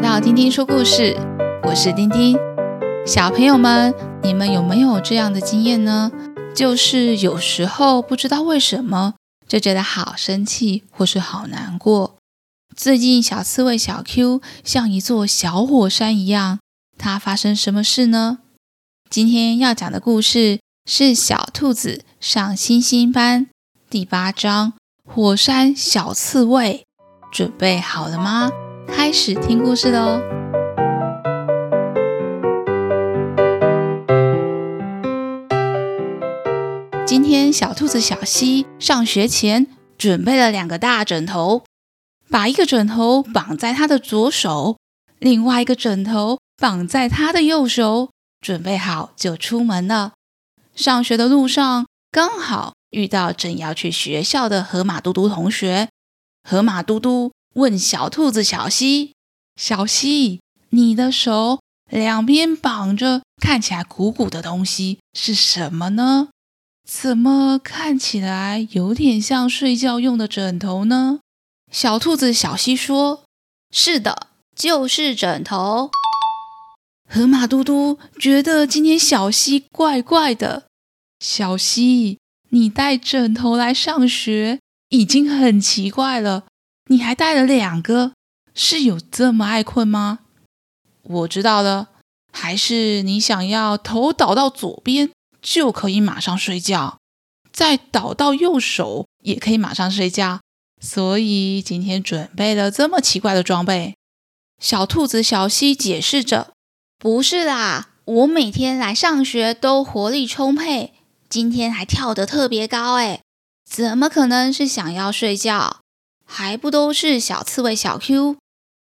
到丁丁說故事，我是丁丁。小朋友們，你們有沒有這樣的經驗呢？就是有時候不知道為什麼就覺得好生氣，或是好難過。最近小刺蝟小 Q 像一座小火山一樣，它發生什麼事呢？今天要講的故事是《小兔子上星星班》第八章《火山小刺蝟》，準備好了嗎？開始聽故事嘍！今天小兔子小西上學前準備了兩個大枕頭，把一個枕頭綁在他的左手，另外一個枕頭綁在他的右手，準備好就出門了。上學的路上，剛好遇到正要去學校的河馬嘟嘟同學，河馬嘟嘟。問小兔子小溪，小溪，你的手兩邊綁着，看起來鼓鼓的東西是什麼呢？怎麼看起來有點像睡覺用的枕頭呢？小兔子小溪說：“是的，就是枕頭。”河馬嘟嘟覺得今天小溪怪怪的。小溪，你帶枕頭來上學，已經很奇怪了。你還帶了兩個，是有這麼愛睏嗎？我知道了，還是你想要頭倒到左邊就可以馬上睡覺，再倒到右手也可以馬上睡覺，所以今天準備了這麼奇怪的裝備。小兔子小西解釋着：“不是啦，我每天來上學都活力充沛，今天還跳得特別高，哎，怎麼可能是想要睡覺？”還不都是小刺蝟小 Q？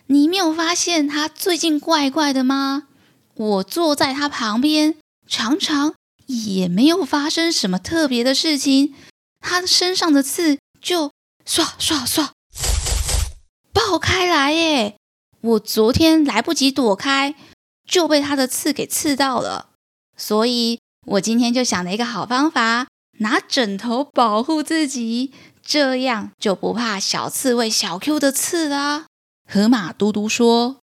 你沒有發現他最近怪怪的嗎？我坐在他旁邊，常常也沒有發生什麼特別的事情，他的身上的刺就唰唰唰爆開來耶！我昨天來不及躲開，就被他的刺給刺到了，所以我今天就想了一個好方法，拿枕頭保護自己。這樣就不怕小刺蝟小 Q 的刺啦。河馬嘟嘟說：“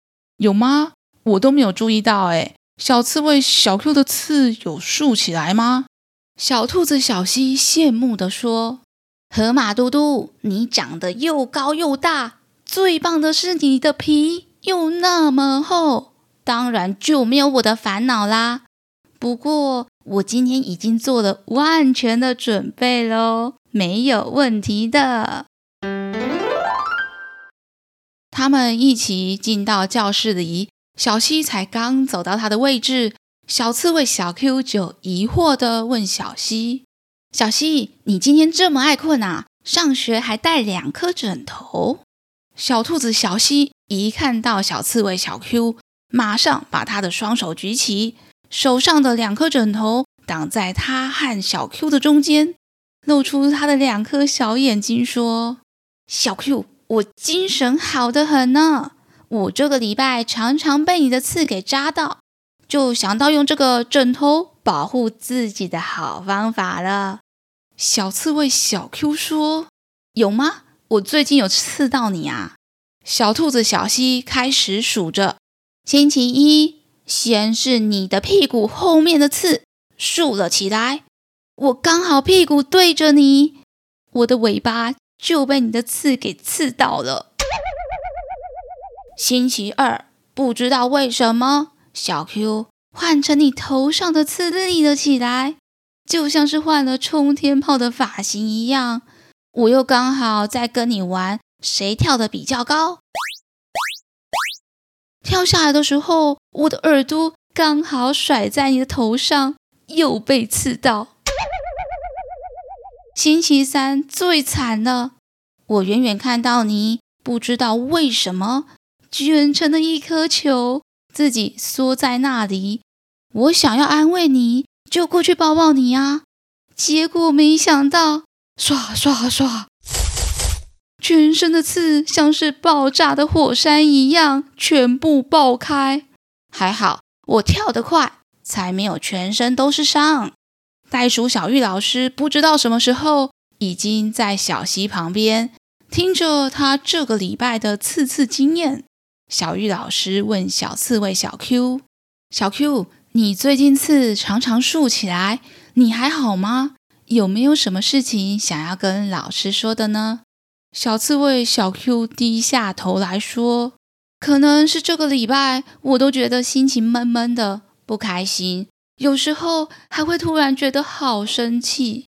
有嗎？我都沒有注意到誒。小刺蝟小 Q 的刺有豎起來嗎？”小兔子小溪羨慕地說：“河馬嘟嘟，你長得又高又大，最棒的是你的皮又那麼厚，當然就沒有我的煩惱啦。不過我今天已經做了萬全的準備嘍。”沒有問題的。他們一起進到教室裡，小西才剛走到他的位置，小刺蝟小 Q 就疑惑地問小西：“小西，你今天這麼愛困啊？上學還帶兩顆枕頭？”小兔子小西一看到小刺蝟小 Q，馬上把他的雙手舉起，手上的兩顆枕頭擋在他和小 Q 的中間。露出他的兩顆小眼睛，說：“小 Q，我精神好的很好得很呢。我這個禮拜常常被你的刺給扎到，就想到用這個枕頭保護自己的好方法了。”小刺蝟小 Q 說：“有嗎？我最近有刺到你啊。”小兔子小溪開始數着：“星期一，先是你的屁股後面的刺豎了起來。”我剛好屁股對着你，我的尾巴就被你的刺給刺到了。星期二，不知道為什麼，小 Q 換成你頭上的刺立了起來，就像是換了沖天炮的髮型一樣。我又剛好在跟你玩，誰跳得比較高？跳下來的時候，我的耳朵剛好甩在你的頭上，又被刺到。星期三最慘了，我遠遠看到你，不知道為什麼，捲成了一顆球，自己縮在那裡。我想要安慰你，就過去抱抱你啊，結果沒想到，唰唰唰，全身的刺像是爆炸的火山一樣，全部爆開。還好我跳得快，才沒有全身都是傷。袋鼠小玉老師不知道什麼時候已經在小溪旁邊聽着他這個禮拜的刺刺經驗。小玉老師問小刺蝟小 Q：“ 小 Q，你最近刺常常豎起來，你還好嗎？有沒有什麼事情想要跟老師說的呢？”小刺蝟小 Q 低下頭來說：“可能是這個禮拜，我都覺得心情悶悶的，不開心。”有時候還會突然覺得好生氣。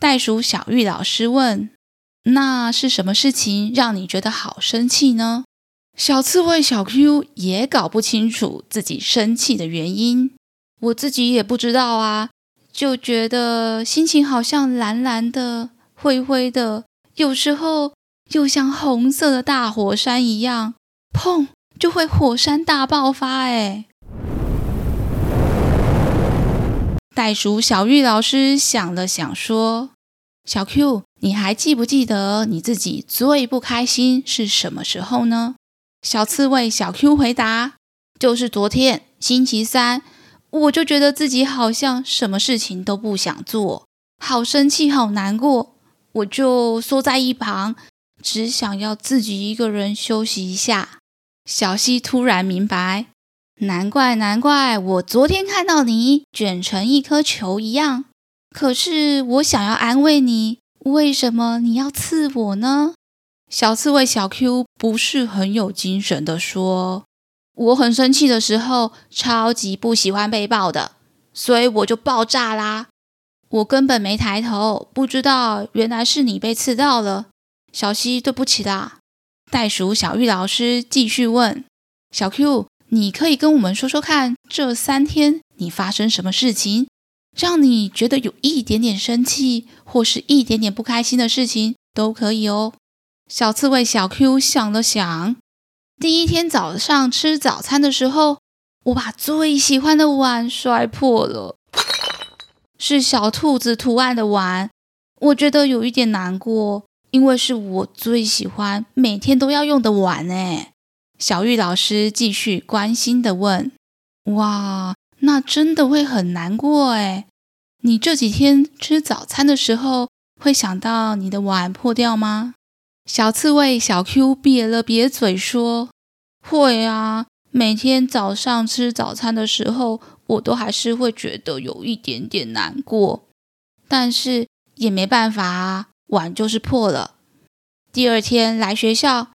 袋鼠小玉老師問：“那是什麼事情讓你覺得好生氣呢？”小刺蝟小 Q 也搞不清楚自己生氣的原因。我自己也不知道啊，就覺得心情好像藍藍的、灰灰的，有時候又像紅色的大火山一樣，砰，就會火山大爆發誒、欸。袋鼠小玉老師想了想，說：“小 Q，你還記不記得你自己最不開心是什麼時候呢？”小刺蝟小 Q 回答：“就是昨天星期三，我就覺得自己好像什麼事情都不想做，好生氣，好難過，我就縮在一旁，只想要自己一個人休息一下。”小溪突然明白。難怪，難怪我昨天看到你捲成一顆球一樣。可是我想要安慰你，為什麼你要刺我呢？小刺蝟小 Q 不是很有精神的說：“我很生氣的時候，超級不喜歡被抱的，所以我就爆炸啦。我根本沒抬頭，不知道原來是你被刺到了。小溪，對不起啦。”袋鼠小玉老師繼續問小 Q。你可以跟我們說說看，這三天你發生什麼事情，讓你覺得有一點點生氣或是一點點不開心的事情都可以哦。小刺蝟小 Q 想了想，第一天早上吃早餐的時候，我把最喜歡的碗摔破了，是小兔子圖案的碗，我覺得有一點難過，因為是我最喜歡每天都要用的碗誒。小玉老師繼續關心地問：“哇，那真的會很難過誒。你這幾天吃早餐的時候，會想到你的碗破掉嗎？”小刺蝟小 Q 癟了癟嘴說：“會啊，每天早上吃早餐的時候，我都還是會覺得有一點點難過，但是也沒辦法啊，碗就是破了。第二天來學校。”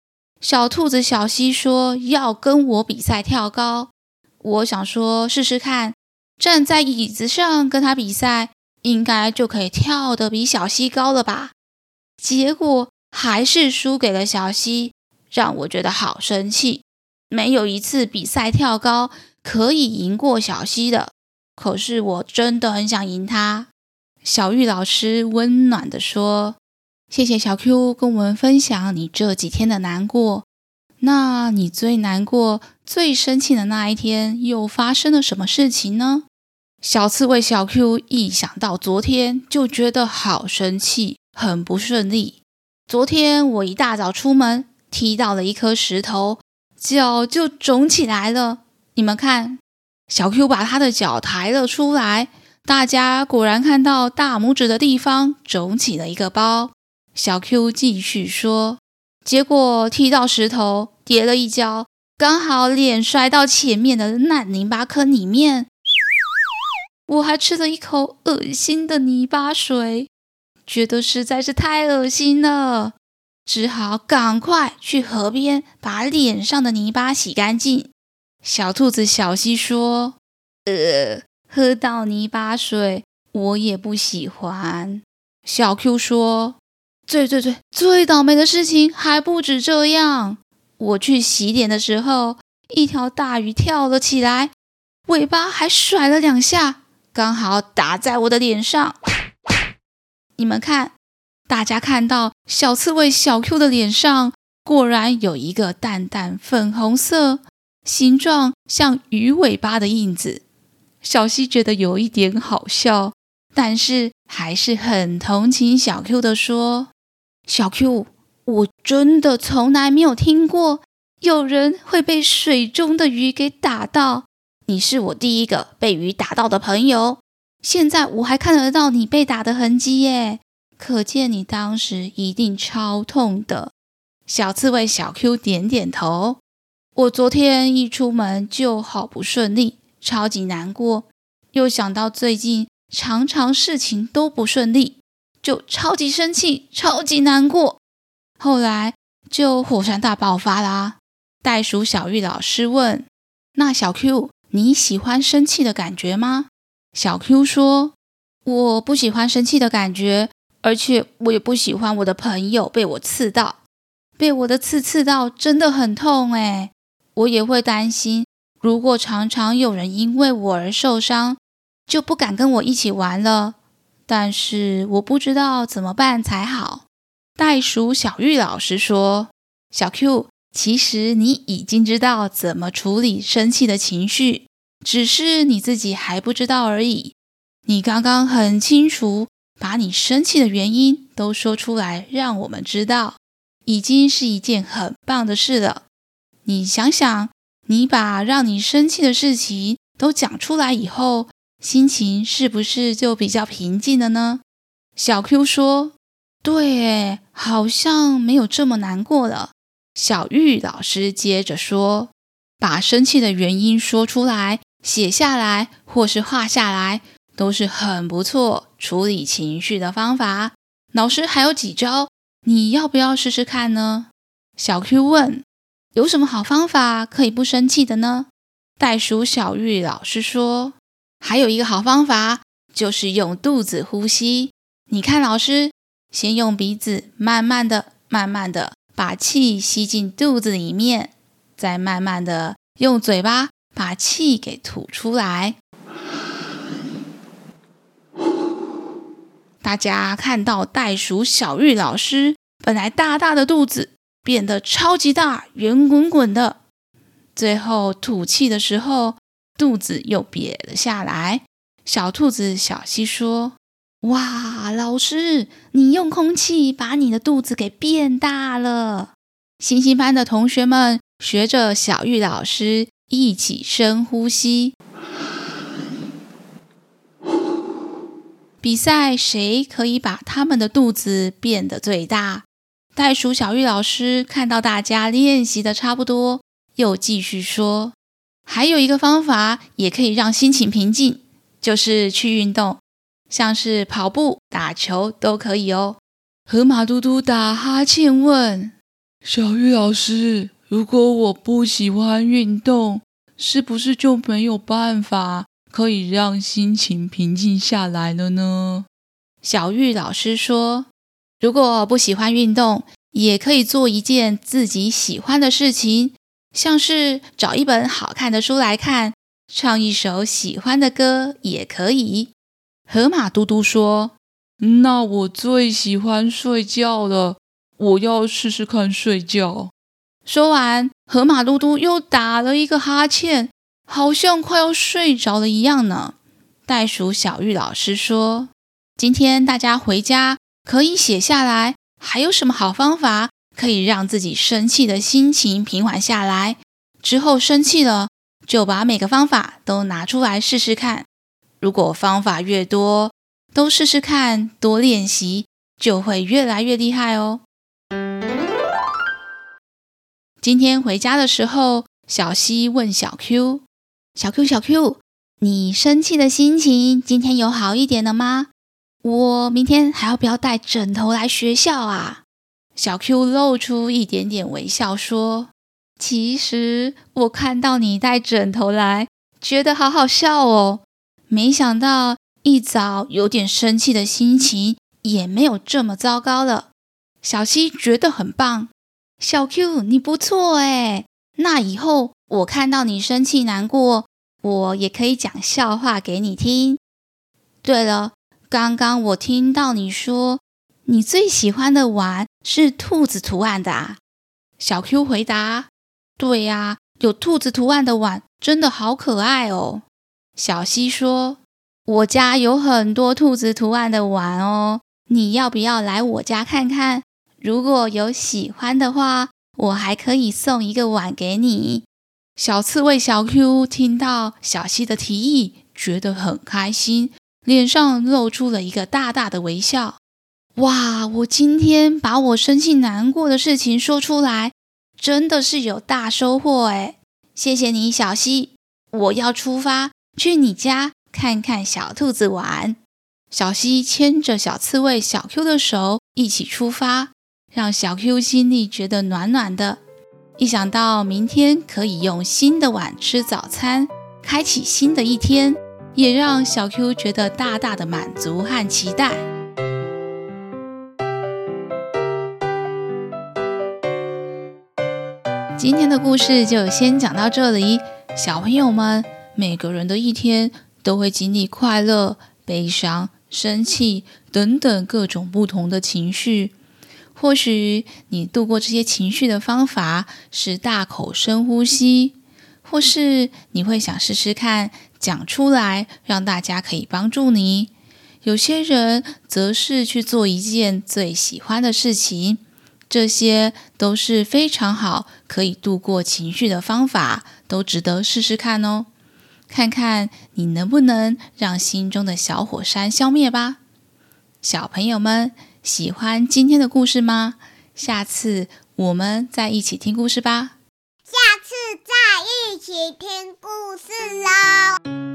小兔子小溪說要跟我比賽跳高，我想說試試看，站在椅子上跟他比賽，應該就可以跳得比小溪高了吧。結果還是輸給了小溪，讓我覺得好生氣。沒有一次比賽跳高可以贏過小溪的，可是我真的很想贏他。小玉老師溫暖地說。謝謝小 Q 跟我們分享你這幾天的難過。那你最難過、最生氣的那一天又發生了什麼事情呢？小刺蝟小 Q 一想到昨天就覺得好生氣，很不順利。昨天我一大早出門，踢到了一顆石頭，腳就腫起來了。你們看，小 Q 把他的腳抬了出來，大家果然看到大拇指的地方腫起了一個包。小 Q 繼續說：“結果踢到石頭，跌了一跤，剛好臉摔到前面的爛泥巴坑裡面，我還吃了一口惡心的泥巴水，覺得實在是太惡心了，只好趕快去河邊把臉上的泥巴洗乾淨。”小兔子小溪說：“呃，喝到泥巴水我也不喜歡。”小 Q 說。最最最最倒霉的事情還不止這樣！我去洗臉的時候，一條大魚跳了起來，尾巴還甩了兩下，剛好打在我的臉上。你們看。大家看到小刺蝟小 Q 的臉上果然有一個淡淡粉紅色、形狀像魚尾巴的印子。小溪覺得有一點好笑，但是還是很同情小 Q 的說。小 Q，我真的從來沒有聽過有人會被水中的魚給打到。你是我第一個被魚打到的朋友，現在我還看得到你被打的痕跡耶，可見你當時一定超痛的。小刺蝟小 Q 點點頭。我昨天一出門就好不順利，超級難過，又想到最近常常事情都不順利。就超級生氣，超級難過。後來就火山大爆發啦。袋鼠小玉老師問：“那小 Q，你喜歡生氣的感覺嗎？”小 Q 說：“我不喜歡生氣的感覺，而且我也不喜歡我的朋友被我刺到，被我的刺刺到真的很痛誒、欸。我也會擔心，如果常常有人因為我而受傷，就不敢跟我一起玩了。”但是我不知道怎麼辦才好。袋鼠小玉老師說：“小 Q，其實你已經知道怎麼處理生氣的情緒，只是你自己還不知道而已。你剛剛很清楚，把你生氣的原因都說出來，讓我們知道，已經是一件很棒的事了。你想想，你把讓你生氣的事情都講出來以後。”心情是不是就比較平靜了呢？小 Q 說：“對，誒，好像沒有這麼難過了。”小玉老師接着說：“把生氣的原因說出來，寫下來，或是畫下來，都是很不錯處理情緒的方法。老師還有幾招，你要不要試試看呢？”小 Q 問：“有什麼好方法可以不生氣的呢？”袋鼠小玉老師說。還有一個好方法，就是用肚子呼吸。你看，老師先用鼻子慢慢的、慢慢的把氣吸進肚子裡面，再慢慢的用嘴巴把氣給吐出來。大家看到袋鼠小玉老師本來大大的肚子變得超級大，圓滾滾的，最後吐氣的時候，肚子又癟了下來。小兔子小溪說：“哇，老師，你用空氣把你的肚子給變大了！”星星班的同學們學着小玉老師一起深呼吸。嗯、比賽誰可以把他們的肚子變得最大。袋鼠小玉老師看到大家練習的差不多，又繼續說。還有一個方法，也可以讓心情平靜，就是去運動，像是跑步、打球都可以哦。河馬嘟嘟打哈欠問小玉老師：“如果我不喜歡運動，是不是就沒有辦法可以讓心情平靜下來了呢？”小玉老師說：“如果不喜歡運動，也可以做一件自己喜歡的事情。”像是找一本好看的書來看，唱一首喜歡的歌也可以。河馬嘟嘟說：“那我最喜歡睡覺了，我要試試看睡覺。”說完，河馬嘟嘟又打了一個哈欠，好像快要睡着了一樣呢。袋鼠小玉老師說：“今天大家回家可以寫下來，還有什麼好方法？”可以讓自己生氣的心情平緩下來。之後生氣了，就把每個方法都拿出來試試看。如果方法越多，都試試看，多練習就會越來越厲害哦。今天回家的時候，小西問小 Q：“ 小 Q，小 Q，你生氣的心情今天有好一點了嗎？我明天還要不要帶枕頭來學校啊？”小 Q 露出一點點微笑，說：“其實我看到你帶枕頭來，覺得好好笑哦。沒想到一早有點生氣的心情，也沒有這麼糟糕了。”小七覺得很棒，小 Q 你不錯耶。那以後我看到你生氣難過，我也可以講笑話給你聽。對了，剛剛我聽到你說，你最喜歡的碗是兔子圖案的啊？小 Q 回答：“對呀，有兔子圖案的碗真的好可愛哦。”小溪說：“我家有很多兔子圖案的碗哦，你要不要來我家看看？如果有喜歡的話，我還可以送一個碗給你。”小刺蝟小 Q 聽到小溪的提議，覺得很開心，臉上露出了一個大大的微笑。哇！我今天把我生氣、難過的事情說出來，真的是有大收穫誒，謝謝你，小溪。我要出發去你家看看小兔子碗。小溪牽着小刺蝟小 Q 的手一起出發，讓小 Q 心裡覺得暖暖的。一想到明天可以用新的碗吃早餐，開啟新的一天，也讓小 Q 覺得大大的滿足和期待。今天的故事就先講到這裡，小朋友們，每個人的一天都會經歷快樂、悲傷、生氣等等各種不同的情緒。或許你度過這些情緒的方法是大口深呼吸，或是你會想試試看，講出來，讓大家可以幫助你。有些人則是去做一件最喜歡的事情。這些都是非常好，可以度過情緒的方法，都值得試試看哦。看看你能不能讓心中的小火山消滅吧。小朋友們喜歡今天的故事嗎？下次我們再一起聽故事吧。下次再一起聽故事嘍。